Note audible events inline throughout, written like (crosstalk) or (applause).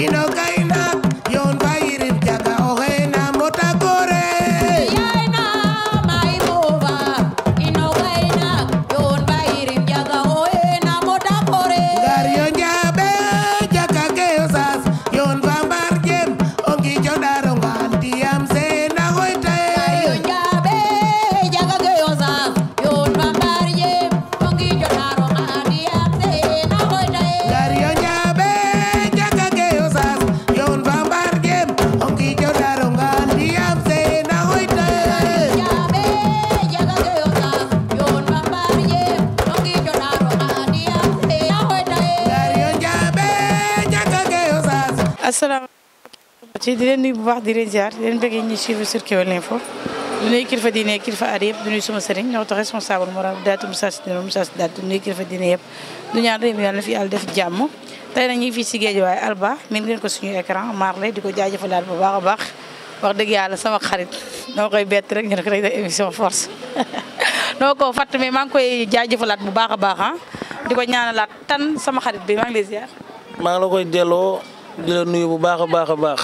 y no caí asalaamaaleykum ci di leen nuyu bu baax di leen ziar di leen bëggee ñuy suivre sur Kewel Info fa nuyu kilifa diine kilifa aada yëpp du nuyu suma sëriñ ñoo tax responsable moral daatu Moussa Sy dina Moussa Sy daal na fi yàlla def jàmm tey nag ñu ngi fii si Géejawaay ko suñu écran Marley di ko jaajëfalaat bu baax a baax wax dëgg yàlla sama xarit dama koy bett rek ñu ne ko rek (laughs) noo ko fàtt maa ngi koy jaajëfalaat bu baax a baax ah. di ko ñaanalaat tan sama xarit bi maa maa ngi la koy delloo di la nuyu bu baax a baax a baax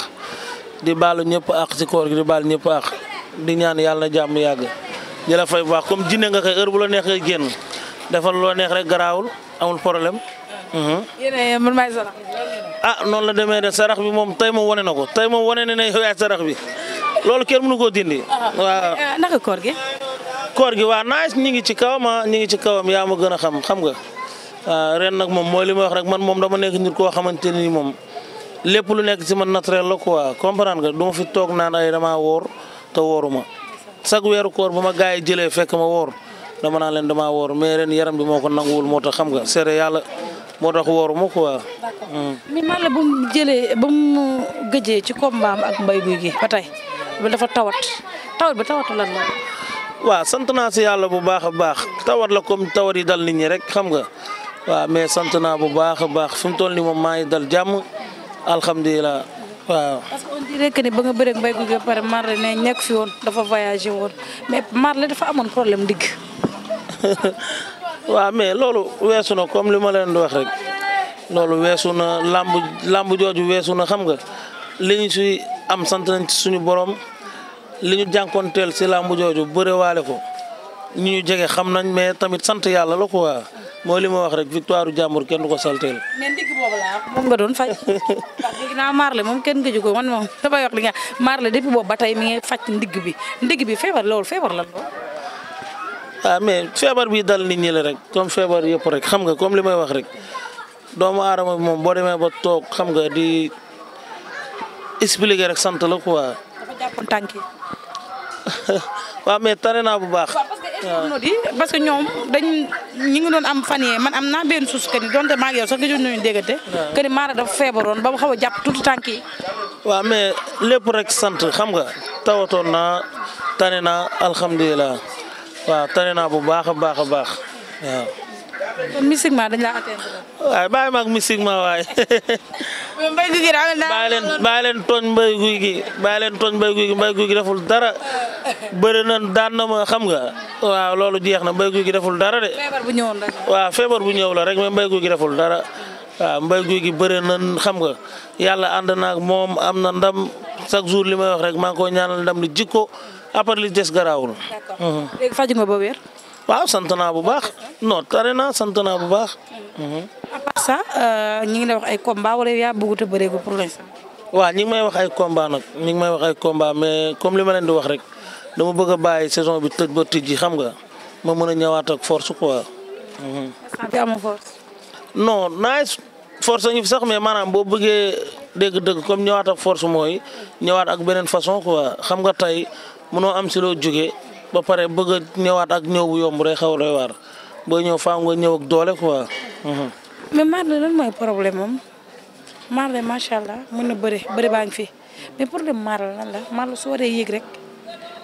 di baalu ñëpp àq ci koor gi di baal ñëpp àq di ñaan yàlla na jàmm yàgg di la fay bu baax comme jinne nga koy heure bu la neex ngay génn defal a neex rek garaawul amul problème. Mhm. yéen man maay sarax ah la demee de sarax bi moom tey moom wane na ko tey moom wane na ne yaay sarax bi loolu kenn mënu ko dindi. waaw eh, naka koor gi. koor gi waa naaj ñu ci kawam ah ñu ngi ci kawam yaa ma gën a xam xam nga ah, ren nag moom mooy li wax rek man moom dama nekk lépp lu nekk ci man naturel la quoi comprendre nga du ma fi toog naan ay dama woor te wooruma chaque weeru koor bu ma gars yi jëlee fekk ma woor dama naan leen dama woor mais ren yaram bi moo ko nanguwul moo tax xam nga seere yàlla moo tax wooruma quoi. mi mm. man la bu mu jëlee ba mu gëjee ci kombaam ak mbay guy gi ba tey dafa tawat tawat ba tawatu lan la. waaw sant naa si yàlla bu baax a baax tawat la kom tawat yi dal nit ñi rek xam nga waaw mais sant naa bu baax a baax fi mu toll nii moom maa ngi alhamdulilah waaw. parce que on dirait que ni ba nga pare Marley ne nekk fi woon dafa voyagé woon mais Marley dafa amoon problème digg. (laughs) waaw mais loolu weesu na comme li ma leen di wax rek loolu weesu na làmb làmb jooju weesu na xam nga li si am sant nañ ci suñu borom li ñu jànkoonteel si làmb jooju bëre waale ko ñu jege xam nañ mais tamit sant yàlla la quoi. moo li ma wax rek victoire jàmbur kenn du ko salteel. mais moom nga doon faj. ndax dégg naa moom kenn gëju ko man moom damay wax li nga Marley depuis boobu ba tey mi ngi faj ndigg bi ndig bi feebar loolu feebar lan lool. ah mais feebar bi dal nit ñi rek comme feebar yëpp rek xam nga comme li may wax rek doomu aadama moom boo demee ba toog xam nga di expliquer rek sant la quoi. dafa jàppoon tànk (laughs) naa bu baax. internautes yi parce que ñoom dañ ñi ngi doon am fan yee man am naa benn suus que ni donte maa ngi yow sax gëjoon nañu déggante. waaw que feebaroon ba xaw a jàpp tuuti tànk yi. waaw lépp rek sant xam nga tawatoon naa tane naa alhamdulilah waaw bu baax a baax a baax waaw. kon mystiquement dañ laa atteindre. waaw bàyyi ma ak mystiquement waaye. mbay guy gi daal leen bàyyi mbay guy gi bàyyi leen tooñ mbay guy gi mbay dara bëri na ma xam waaw loolu jeex na mbéy guy gi deful dara de. feebar ñëwoon rek. waaw feebar bu ñëw la rek mais mbéy guy gi deful dara waaw mbéy guy gi bëre na xam nga yàlla ànd naag moom am na ndam chaque jour li may wax rek maa ngi koy ñaanal ndam li jikko apar li des garaawul. d'accord mhm. faju nga ba wér. waaw sant naa bu baax non tare naa sant bu baax. Mhm. à part ça euh, ñu ngi lay wax ay combat wala yaa bëggut a bëree ko pour l'instant. waaw ñi ngi may wax ay combat nag ñi ngi may wax ay combat mais comme li ma leen di wax rek. dama bëgg a bàyyi saison bi tëj ba tëj xam nga ma mën a ñëwaat ak force quoi. Mhm. santé amoo force. non ñu fi sax mais maanaam boo bëggee dégg-dëgg comme ñëwaat ak force mooy ñëwaat ak beneen façon quoi xam nga tey mënoo am si loo jógee ba pare bëgg a ak ñëw bu yomb rek xaw a doy waar ñëw faaw nga ñëw ak doole quoi. Mhm. mais Marley lan mooy problème am Marley macha allah mën na bëri bëri baa ngi fi mais problème Marley lan la Marley su waree yéeg rek.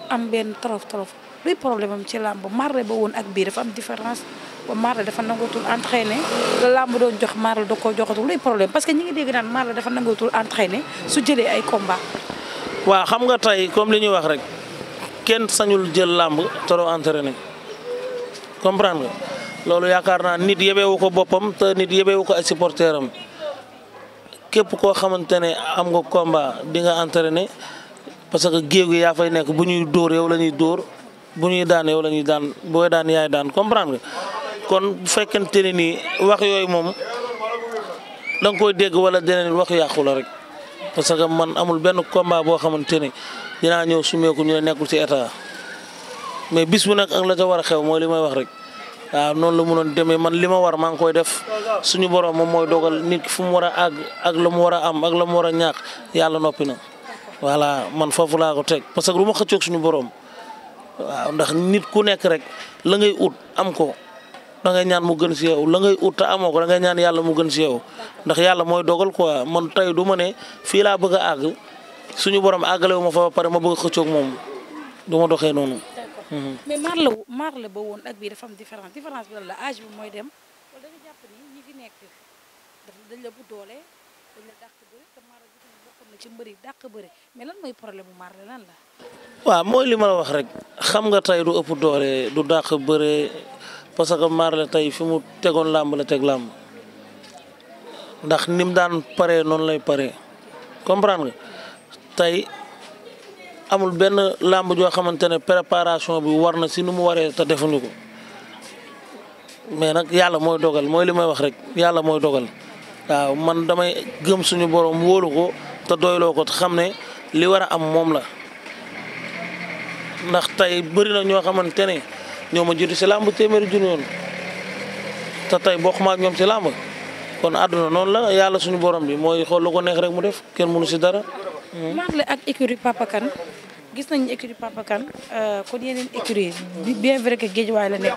am benn torof torof luy problème ci làmb Marley ba woon ak bii dafa am différence ba Marley dafa nangootul entraîner la làmb doon jox Marley da ko joxatul luy problème parce que ñi ngi dégg naan Marley dafa nangootul entraîner su jëlee ay combat waaw xam nga tey comme li ñuy wax rek kenn sañul jël làmb toro entraîner comprendre nga loolu yaakaar naa nit yebewu ko boppam te nit yebewu ko ay supporteram képp koo xamante ne am nga combat di nga entraîner parce que géew gi yaa fay nekk bu ñuy dóor yow la ñuy dóor bu ñuy daan yow la ñuy daan booy daan yaay daan comprendre kon bu fekkente ne nii wax yooyu moom da nga koy dégg wala deneen wax yàqu rek parce que man amul benn combat boo xamante ni dinaa ñëw sumeeku ñu nekkul si état mais biss bu nekk ak la ca war a xew mooy li may wax rek waaw noonu la mënoon demee man li ma war maa ngi koy def suñu borom moom mooy dogal nit fu mu war a àgg ak la mu war a am ak la mu war a ñaax yàlla noppi na. voilà man foofu laa ko teg parce que lu ma xëccoog suñu borom ndax nit ku nekk rek la ngay ut am ko da ngay ñaan mu gën si yow la ngay ut te amoo ko da ñaan yàlla mu gën si yow ndax yàlla mooy dogal quoi man tey du ma ne fii laa bëgg àgg suñu borom àggale wu ma fa ba pare ma bëgg a moom du ma doxee noonu. mais Marley Marley ba woon ak bii dafa am différence différence la âge mooy dem wala la ci mbëri dàq bëri mais lan mooy problème mu lan la. waaw mooy li ma wax rek xam nga tey du ëpp doole du dàq bëre parce que Marley tey fi mu tegoon làmb la teg làmb ndax ni mu daan pare noonu lay pare comprendre nga tey amul benn làmb joo xamante ne préparation bi war na si nu mu waree te defuñu ko mais nag yàlla mooy dogal mooy li may wax rek yàlla mooy dogal waaw man damay gëm suñu wóolu ko. te doyloo ko xam ne li war a am moom la ndax tey bëri na ñoo xamante ne ñoo ma jiitu si làmb téeméeri junni yoon te tey bokkuma ak ñoom si làmb kon àdduna noonu la yàlla suñu borom bi mooy xool lu ko neex rek mu def kenn mënu si dara. Hmm. Marley ak écurie Papa gis nañu écurie Papa Kane euh, kon yeneen écurie yi bien vrai que géej waay la nekk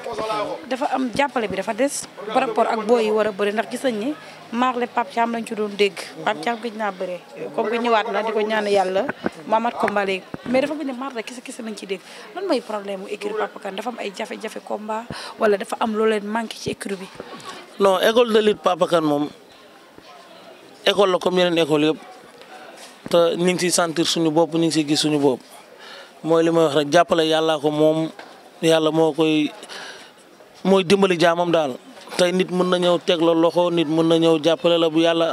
dafa am jàppale bi dafa des par rapport ak booy yi war a bari ndax gis nañ ni Marley Pape Thiam lañ ci doon dégg Pape Thiam gëj naa bëre comme que ñëwaat na di ko ñaan yàlla maamat combat léegi mais dafa mel ne Marley kese kese lañ ci dégg lan mooy problème mu écurie Papa Kane dafa am ay jafe-jafe combat wala dafa am loo leen ci écurie bi non école de lutte Papa Kane moom école la comme yeneen école yëpp te ñu ngi ciy sentir suñu bopp ñu ngi ciy gis suñu bopp mooy li may wax rek jàppale yàllaa ko moom yàlla moo koy mooy dimbali jaamam daal tey nit mën na ñëw teg la loxo nit mën na ñëw jàppale la bu yàlla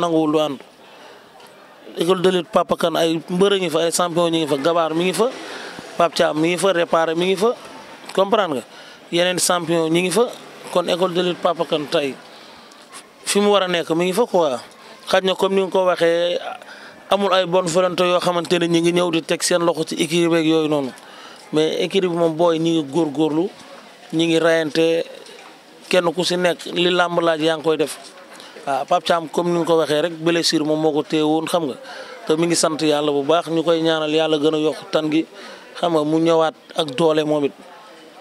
nanguwul lu ànd école de lutte Papa ay mbër ngi fa ay champion ñi ngi fa gabaar mi ngi fa Pape Thiam mi ngi fa réparé mi ngi fa comprendre nga yeneen champion ñi ngi fa kon école de lutte Papa tey fi mu war a nekk mi ngi fa quoi xaj na comme ni nga ko waxee amul ay bonne volonté yoo xamante ne ñi ngi ñëw di teg seen loxo ci équipe beeg yooyu noonu mais équipe moom booy ñi ngi góorgóorlu ñi ngi kenn ku si nekk li làmb laaj yaa ngi koy def waaw ah, Pape Thiam comme ni nga ko waxee rek blessure moom moo ko téye woon xam nga te mi ngi sant yàlla bu baax ñu koy ñaanal yàlla gën a yokk tan gi xam nga mu ñëwaat ak doole moom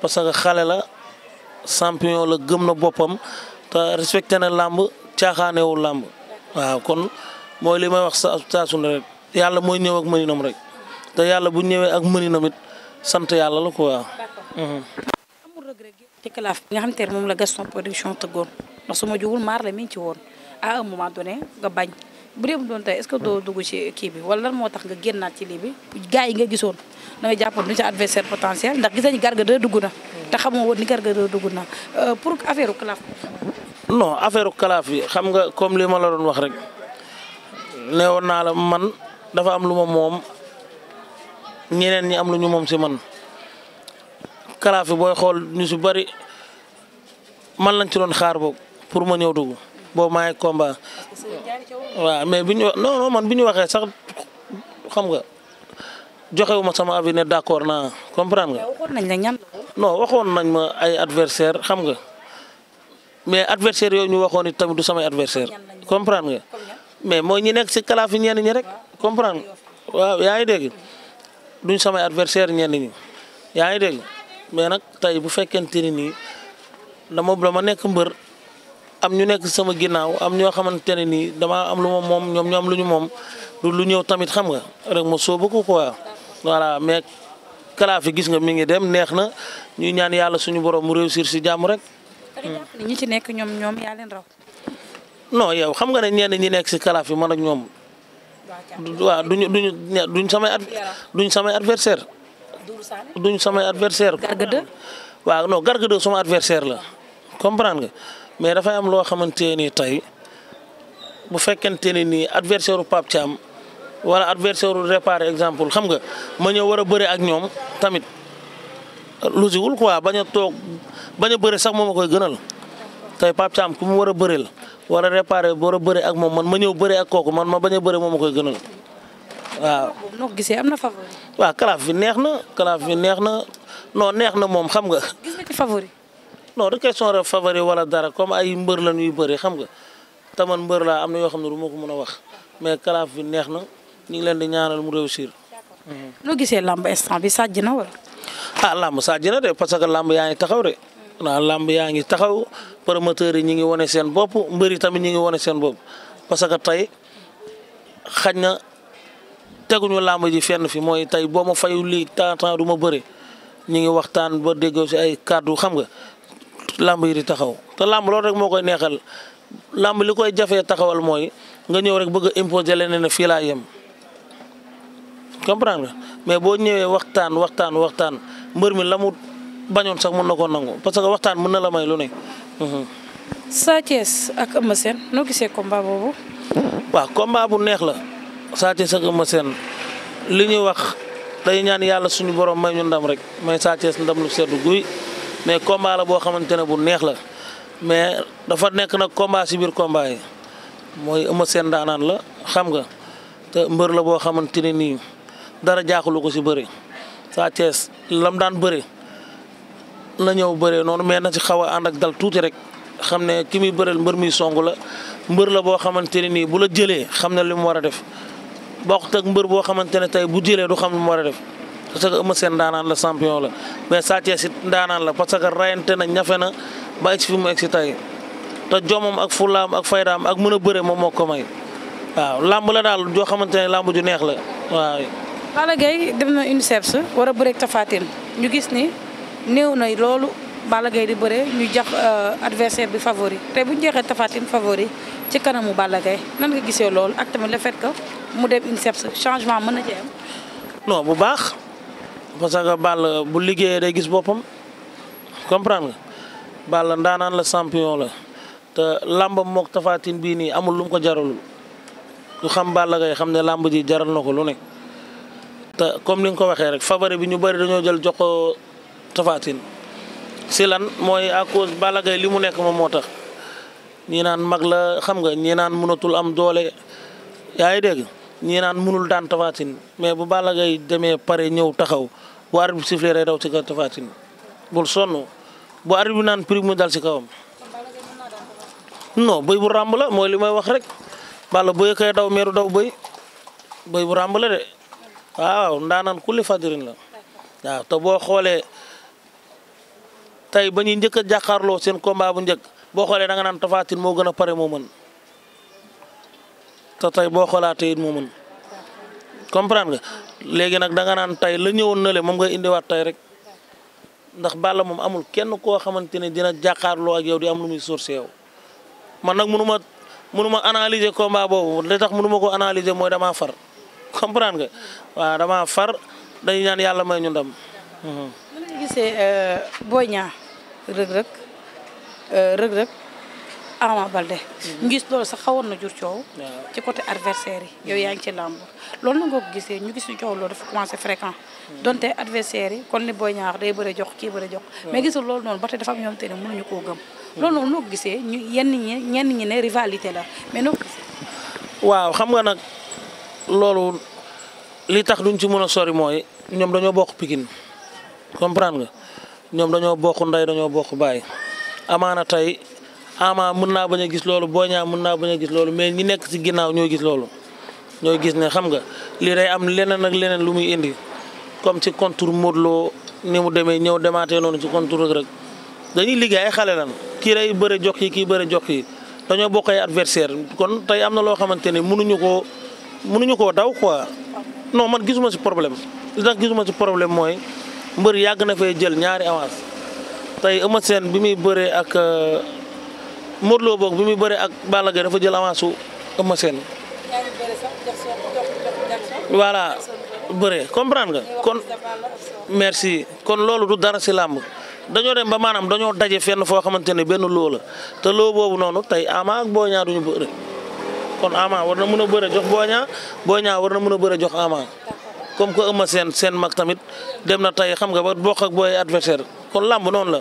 parce que xale la champion gëm na boppam te na làmb caaxaanewul làmb waaw kon mooy li may wax sa saa su yàlla mooy ñëw ak rek te yàlla bu ñëwee ak mëninam sant yàlla la quoi. ci calaf bi nga xam te ne moom la Gaston production ndax su ma ce que doo dugg ci kii lan moo tax nga génnaat ci lii bi gisoon da nga jàppoon du ci adversaire potentiel ndax gis nañu garga de dugg na te xamoo woon ni garga de dugg na euh, pour affaire u calaf non affaire u yi xam nga comme li ma la doon wax rek ne woon naa la man dafa am lu ma moom ñeneen ñi am lu ñu moom si man calaf yi xool ñu si bari man lañ ci doon xaar boog pour ma ñëw dugg boo maa ngi combat waaw mais bi ñu non non man bi ñu waxee sax xam nga joxewu ma sama avis ne d'accord naa comprendre nga. waxoon nañ la waxoon nañ ma ay adversaire xam nga mais adversaire yooyu ñu waxoon it tamit du samay adversaire comprendre nga mais mooy ñi nekk si kalaaf yi ñenn ñi rek comprendre waaw yaa ngi dégg duñ samay adversaire ñenn ñi yaa ngi dégg mais nag tey bu fekkente ni nii. dama ma nekk mbër am ñu nekk sama ginnaaw am ñoo xamante ne nii damaa am lu ma moom ñoom ñoom lu ñu moom du lu ñëw tamit xam nga rek ma sóobu ko quoi voilà mais kalaaf yi gis nga mi ngi dem neex na ñu ñaan yàlla suñu borom mu réussir si jàmm rek. ñi ci nekk ñoom ñoom yaa leen yow xam nga ne ñenn ñi nekk si kalaaf yi man ak ñoom. waaw duñu duñu duñ samay ad duñ samay adversaire duñ samay adversaire. gargade waaw non gargade suma adversaire la. comprendre nga mais dafay am loo xamante ni tey bu fekkente ne nii adversaire u Pape Thiam wala adversaire u Réparé exemple xam nga ma ñëw war a bëre ak ñoom tamit lu siwul quoi baña toog bañ a bëre sax moom a koy gënal tey Pape Thiam ku mu war a bëre wala Réparé war a bëre ak moom man ma ñëw bëre ak kooku man ma bañ a bëre moom a koy gënal waaw. noo gisee na favori. kalaaf bi neex na kalaaf bi neex na non neex na moom xam nga. non de question rek favori wala dara comme ay mbër la ñuy bëri xam nga te mbër laa am na yoo xam ne du ma ko mën a wax mais kalaaf bi neex na ñu ngi leen di ñaanal mu réussir. noo gisee làmb instant bi sàjj na wala. ah làmb sàjj na de parce que làmb yaa ngi taxaw de. waaw làmb yaa ngi taxaw promoteurs yi ñu ngi wane seen bopp mbër yi tamit ñu ngi wane seen bopp parce que tey xaj na teguñu làmb ji fenn fi mooy tey boo ma fayu lii temps temps du ma bëri ñu ngi waxtaan ba déggoo ay kàddu xam nga làmb yi di taxaw te làmb loolu rek moo koy neexal làmb li koy jafee taxawal mooy nga ñëw rek bëgg a imposer leneen ne fii laa yem. comprendre mais boo ñëwee waxtaan waxtaan waxtaan mbër mi la mu bañoon sax mën na koo nangu parce que waxtaan mën na la may lu ne. Mhm. Sa Thiès ak Eumeu Sène noo gisee combat boobu. waaw combat bu neex la Sa Thiès ak Eumeu li ñuy wax day ñaan yàlla suñu borom may ñu ndam rek mais Sa ndam lu seddu guy. mais combat la boo xamante ne bu neex la mais dafa nekk nag combat si biir combat yi mooy Eumeu Sène daanaan la xam nga te mbër la boo xamante ne nii dara jaaxulu ko si bëri Sa Thiès lam daan bëri la ñëw bëree noonu mais na si xaw a ànd ak dal tuuti rek xam ne ki muy bëreel mbër muy song la mbër la boo xamante ne nii bu la jëlee xam ne li mu war a def bokkut ak mbër boo xamante ne tey bu jëlee du xam li mu war a def. parce que Eumeu Sène la champion la mais Sa Thiès it ndaanaan la parce que rayante na ñafe na ba egg si fi mu te jomam ak fulaam ak faydaam ak mën a bëre moom moo ko may waaw làmb la daal joo xamante ne làmb ju neex la waaw. Balla Gaye dem na UNICEF war a bëreeg Tapha Tine ñu gis ni néew na loolu Balla Gaye di bëre ñu jax euh, adversaire bi favori te bu ñu jeexee Tapha Tine favori ci kanamu Balla Gaye nan nga gisee loolu ak tamit le fait que mu dem UNICEF changement parce que Balla bu liggéeyee day gis boppam comprendre nga Balla ndaanaan la champion la te làmbam mook tafaatin bii nii amul lum ko jaralul ku xam Balla Gaye xam ne làmb ji jaral na ko lu nekk te comme ni nga ko waxee rek fabare bi ñu bëri dañoo jël jox ko tafaatin si lan mooy à cause Balla Gaye li mu nekk moom moo tax ñii naan mag la xam nga ñii naan mënatul am doole yaa ngi dégg ñii naan mënul daan tafaatin mais bu Balla Gaye demee pare ñëw taxaw bu arbitre bi sifflee day daw ci kaw Tapha Tine bul sonn bu arbitre naan prix mu dal si kawam. non bëy bu ràmb la mooy li may wax rek Balla bëy koy daw meeru daw bëy bëy bu ràmb la de waaw ndaanaan kulli fadirin la waaw te boo xoolee tey ba ñuy njëkk a seen combat bu njëkk boo xoolee da nga naan Tapha moo gën a pare moo mën te tey boo xoolaatee it moo mën léegi nag da nga naan tey la ñëwoon na le moom nga indiwaat tey rek ndax Balla moom amul kenn koo xamante ne dina jàkkaarloo ak yow di am lu muy source yow man nag mënu ma mënu ma analyser combat boobu li tax mënu ko analyser mooy damaa far comprendre nga waaw dama far dañu ñaan yàlla may ñu ndam. mën rëg rëg rëg. Ama Balde. ñu mhm. gis loolu sax xawoon na jur coow. ci côté adversaire yi. yow yaa ngi ci làmb loolu na nga ko gisee ñu gis coow loolu dafa commencé fréquent. Mhm. donte adversaire yi kon ni booy ñaar day bëre jox kii bëre jox. mais gisul loolu noonu ba tey dafa am ñoom te ne mënuñu koo gëm. Mhm. loolu noonu noo ko gisee ñu yenn ñi ñenn ñi ne rivalité la mais noo gisee. waaw xam nga nag loolu li tax duñ ci mën a sori mooy ñoom dañoo bokk Pikine comprendre nga ñoom dañoo bokk ndey dañoo bokk baay ama mun naa bañ a gis loolu Boy Niang mun naa bañ a gis loolu mais ñi nekk ci ginnaaw ñoo gis loolu ñoo gis ne xam nga lii day am leneen ak leneen lu muy indi comme si contour Modou Lo ni mu demee ñëw demaatee noonu ci contour rek dañuy liggéey ay xale lan kii day bëre jox yi kii bëre jox yi dañoo bokk ay adversaire kon tey am na loo xamante ni mënuñu koo mënuñu koo daw quoi non man gisuma si problème li tax gisuma ci problème mooy mbër yàgg na fay jël ñaari avance tey ak. Euh, Modou Lo boog bi muy bëree ak Balla Gaye dafa jël avance su Eumeu Sène. voilà bëre comprendre nga kon. merci kon loolu du dara si làmb dañoo dem ba maanaam dañoo daje fenn foo xamante ne benn loo la te loo boobu noonu tey Ama ak Boy Niang duñu bëre kon Ama war na mun a bëre jox Boy Niang Boy Niang war na mun a bëre jox Ama comme que Eumeu Sène seen mag tamit dem na tey xam nga ba bokk ak booy adversaire kon làmb noonu la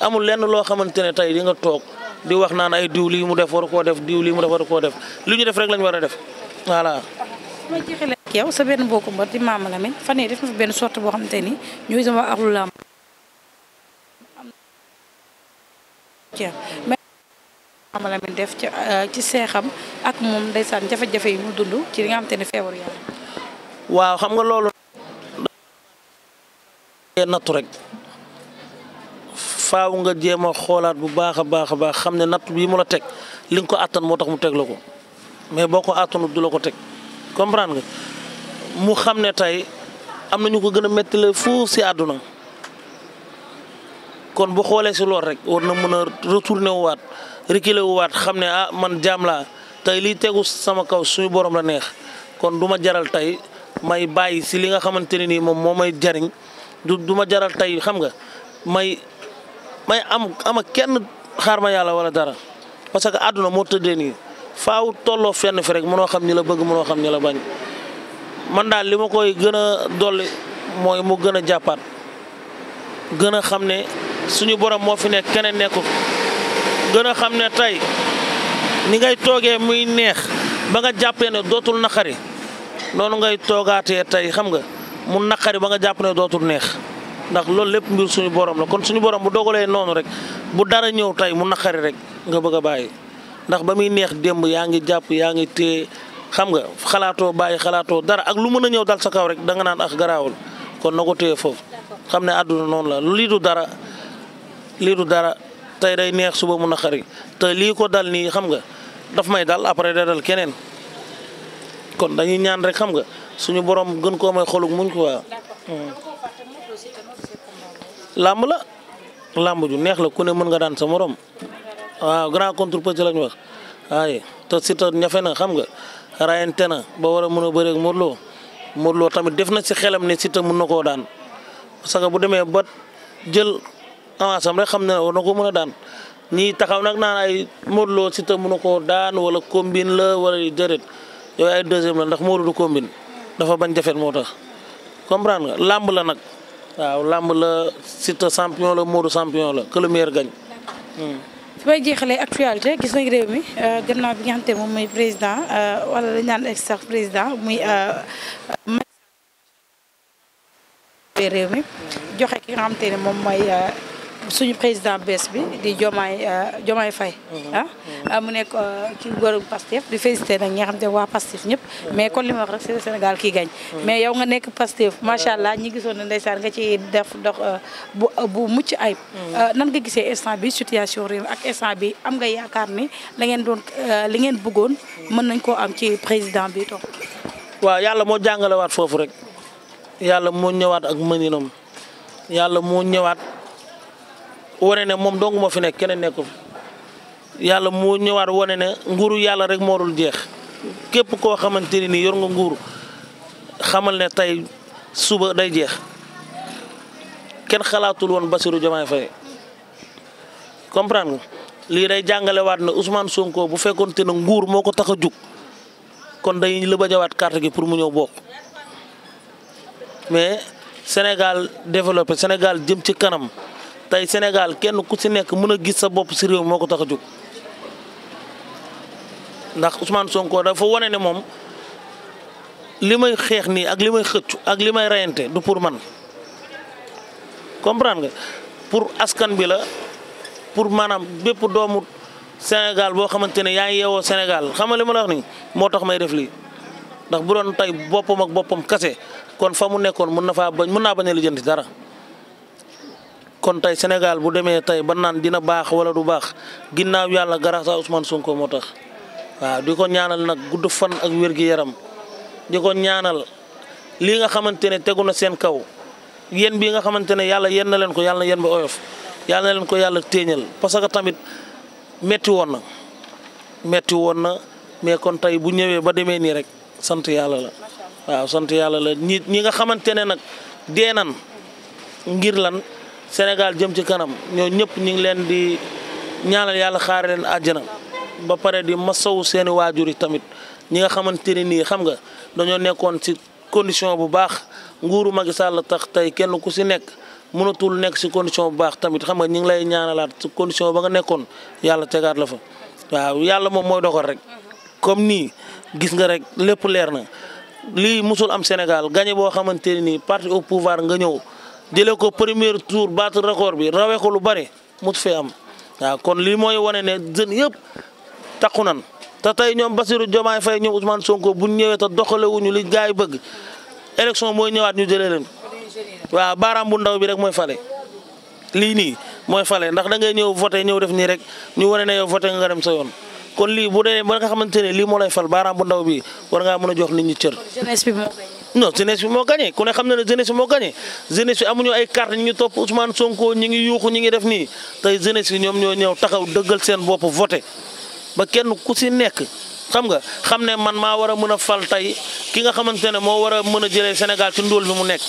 amul lenn loo xamante ne tey di nga toog. di wax naan ay diw mu def war koo def diw lii mu def war koo def lu ñu def rek lañ war a def voilà. ma jeexalee ak yow sa benn mbokku mbër di Mama fan yii def na benn sorte boo xamante ni ñooy sama ak lu làmb Mama Lamine def ci euh, ci seexam ak moom ndeysaan jafe-jafe yi mu dund ci li nga xamante ne feebar yàlla. waaw xam nga loolu. nattu rek. faaw nga jéem a xoolaat bu baax a baax a baax xam ne natt bii mu la teg li nga ko àttan moo tax mu teg la ko mais boo ko attanut du la ko teg comprendre mu xam ne tey am na ko gën a méttile foofu si àdduna kon bu xoolee si lool rek war na mën a retourné wu waat reculé wu xam ne ah man jaam laa tey liy tegu sama kaw suñu borom la neex kon du ma jaral tey may bàyyi si li nga xamante ne nii moom moo may jariñ du du ma jaral tey xam nga may may am ama kenn xaar ma yàlla wala dara parce que àdduna moo tëddee nii faaw tolloo fenn fi rek mënoo xam ni la bëgg mënoo xam ni la bañ man daal li ma koy gën a dolli mooy mu gën a jàppaat gën a xam ne suñu borom moo fi nekk keneen nekkul gën a xam ne tey ni ngay toogee muy neex ba nga jàppee ne dootul naqari noonu ngay toogaatee tey xam nga mu naqari ba nga jàpp ne dootul neex. ndax loolu lépp mbir suñu borom la kon suñu borom bu dogalee noonu rek bu dara ñëw tey mu naqari rek nga bëgg a bàyyi ndax ba muy neex démb yaa ngi jàpp yaa ngi téye xam nga xalaatoo bàyyi xalaatoo dara ak lu mën a ñëw dal sa kaw rek danga naan ak ah, garaawul kon na ko téye foofu. xam ne àdduna noonu la lii du dara lii dara tey day neex suba mu naqari te lii ko dal nii xam nga daf may dal après da dal keneen kon dañuy ñaan rek xam nga suñu borom gën koo may xolug muñ ko waa làmb la làmb ju neex la ku ne mën nga daan sa morom waaw grand contre petit la ñu waaye te Siteu ñafe na xam nga rayante na ba war a mën a bëreeg Modou Lo Modou Lo tamit def na si xelam ne Siteu mën na koo daan parce bu demee ba jël avance am rek xam ne war na ko mën a daan nii taxaw nag naan ay Modou Lo Siteu mën na koo daan wala combine la wala déedéet yooyu ay deuxième la ndax Modou du combine dafa bañ jafet moo tax comprendre nga làmb la nag. waaw làmb la Siteu champion la Modou champion la que le meilleur gagne. may jeexalee actualité gis nañ réew mi euh, gannaaw bi nga xamante moom mooy président euh, wala dañ naan ex sax président muy euh, réew mi joxe ki nga xamante ne moom mooy. suñu président bees bi di Diomaye euh, Diomaye Faye mm-hmm. ah, ah mu nekk ci euh, góorum Pastef di félicité nag ñi nga xam te waa Pastef ñëpp mm-hmm. mais kon li ma wax rek c'est le Sénégal kii gañ mm-hmm. mais yow nga nekk Pastef macha allah ñi gisoon na ndeysaan nga ci def dox euh, bu bu mucc ay nan nga gisee instant bi situation réew ak instant bi am nga yaakaar ni la ngeen doon li ngeen bëggoon mën nañ koo am ci président bi toog waaw yàlla moo jàngalewaat foofu rek yàlla moo ñëwaat ak mëninam yàlla moo ñëwaat wone ne moom dong moo fi nekk kenn nekku yàlla mu ñëwaat wane ne nguur yàlla rek moo dul jeex képp koo xamante ni nii yor nga nguur xamal ne tey suba day jeex kenn xalaatul woon Bassirou Diomaye Faye comprendre lii day jàngalewaat ne Ousmane Sonko bu fekkoonte ne nguur moo ko tax a jug kon day lëbajawaat carte gi pour mu ñëw bokk mais Sénégal développé senegal jëm ci kanam. tey Sénégal kenn ku si nekk mën a gis sa bopp si réew moo ko tax a jóg ndax Ousmane Sonko da foo wane ne moom li may xeex nii ak li may xëccu ak li may reyante du pour man comprendre nga pour askan bi la pour maanaam bépp doomu Sénégal boo xamante ne yaa ngi yeewoo Sénégal xam nga li ma la wax moo tax may def lii ndax bu doon tey boppam ak boppam kase kon fa mu nekkoon mun na faa bañ mën naa bañ a lijjanti dara. kon tey Sénégal bu demee tey ba naan dina baax wala du baax ginnaaw yàlla grâce à Ousmane ko moo tax waaw di ko ñaanal nag gudd fan ak wér gi yaram di ko ñaanal li nga xamante ne tegu na seen kaw yéen bii nga xamante ne yàlla yéen na leen ko yàlla na yéen bi oyof yàlla na leen ko yàlla téeñal parce que tamit metti woon na metti woon na mais kon tey bu ñëwee ba demee nii rek sant yàlla la waaw yàlla la ñi nga xamante ne nag dee ngir lan Sénégal jëm ci kanam ñoo ñëpp ñu ngi leen di ñaanal yàlla xaare leen àjjana ba pare di masawu seeni waajur yi tamit ñi nga xamante nii xam nga dañoo nekkoon si condition bu baax nguuru Macky Sall tax tey kenn ku si nekk mënatul nekk si condition bu baax tamit xam nga ñu ngi lay ñaanalaat si condition ba nga nekkoon yàlla tegaat la fa waaw yàlla moom mooy dogal rek comme nii gis nga rek lépp leer na lii musul am Sénégal gañe boo xamante nii parti au pouvoir nga ñëw jëlee ko premier tour battre record bi rawee ko lu bare mut fee am waaw kon lii mooy wane ne jeunes yëpp takku nan te tey ñoom Bassirou Diomaye Faye ñoom Ousmane Sonko bu ñëwee te doxalewuñu li gars yi bëgg élection mooy ñëwaat ñu jëlee leen waaw baaraam bu ndaw bi rek mooy fale lii nii mooy fale ndax da ngay ñëw voté ñëw def nii rek ñu wane ne yow voté nga dem sa yoon kon lii bu dee ba nga xamante ne lii moo lay fal baaraam bu ndaw bi war ngaa mën a jox nit ñi cër. non jeunesse bi moo gagné ku ne xam na ne jeunesse bi moo gagné jeunesse bi amuñu ay carte ñu ngi topp Ousmane Sonko ñi ngi yuuxu ñi ngi def nii tey jeunesse bi ñoom ñoo ñëw taxaw dëggal seen bopp voté ba kenn ku si nekk xam nga xam ne man maa war a mën a fal tey ki nga xamante ne moo war a mën a jëlee Sénégal ci ndóol bi mu nekk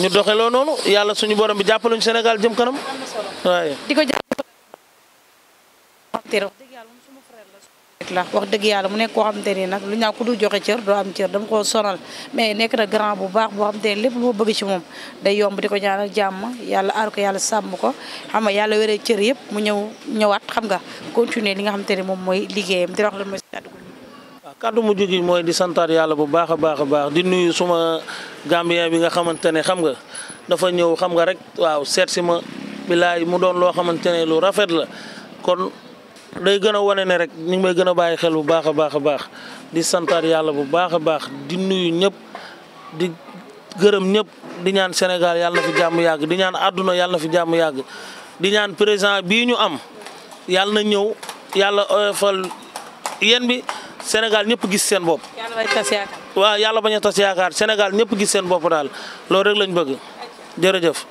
ñu doxeloo noonu yàlla suñu borom bi jàppaluñu senegal jëm kanam waaye. la wax dëgg yàlla mu nekk koo xamante ni nag lu ñaaw ku dul joxe cër doo am cër dama koo sonal mais nekk na grand bu baax boo xam ni lépp lu ma bëgg ci moom da yomb di ko ñaanal jàmm yàlla aar ko yàlla sàmm ko xam nga yàlla wéree cër yëpp mu ñëw ñëwaat xam nga continuer li nga xamante ni moom mooy liggéeyam di wax la mooy kàddu mu jógi mooy di santaat yàlla bu baax a baax a baax di nuyu suma gambien bi nga xamante ne xam nga dafa ñëw xam nga rek waaw seet si ma bilaay mu doon loo xamante ne lu rafet la kon day gën a wane ne rek ñu ngi may gën a bàyyi xel bu baax a a baax di santaar yàlla bu baax a baax di nuyu ñëpp di gërëm ñëpp di ñaan senegal yàlla na fi jàmm yàgg di ñaan àdduna yàlla na fi jàmm yàgg di ñaan présent bii ñu am yàlla na ñëw yàlla oyofal euh, yéen bi senegal ñëpp gis seen bopp. yàlla bañ a tas yaakaar. waaw yàlla bañ a tas yaakaar Sénégal ñëpp gis seen bopp daal loolu rek lañ bëgg jërëjëf.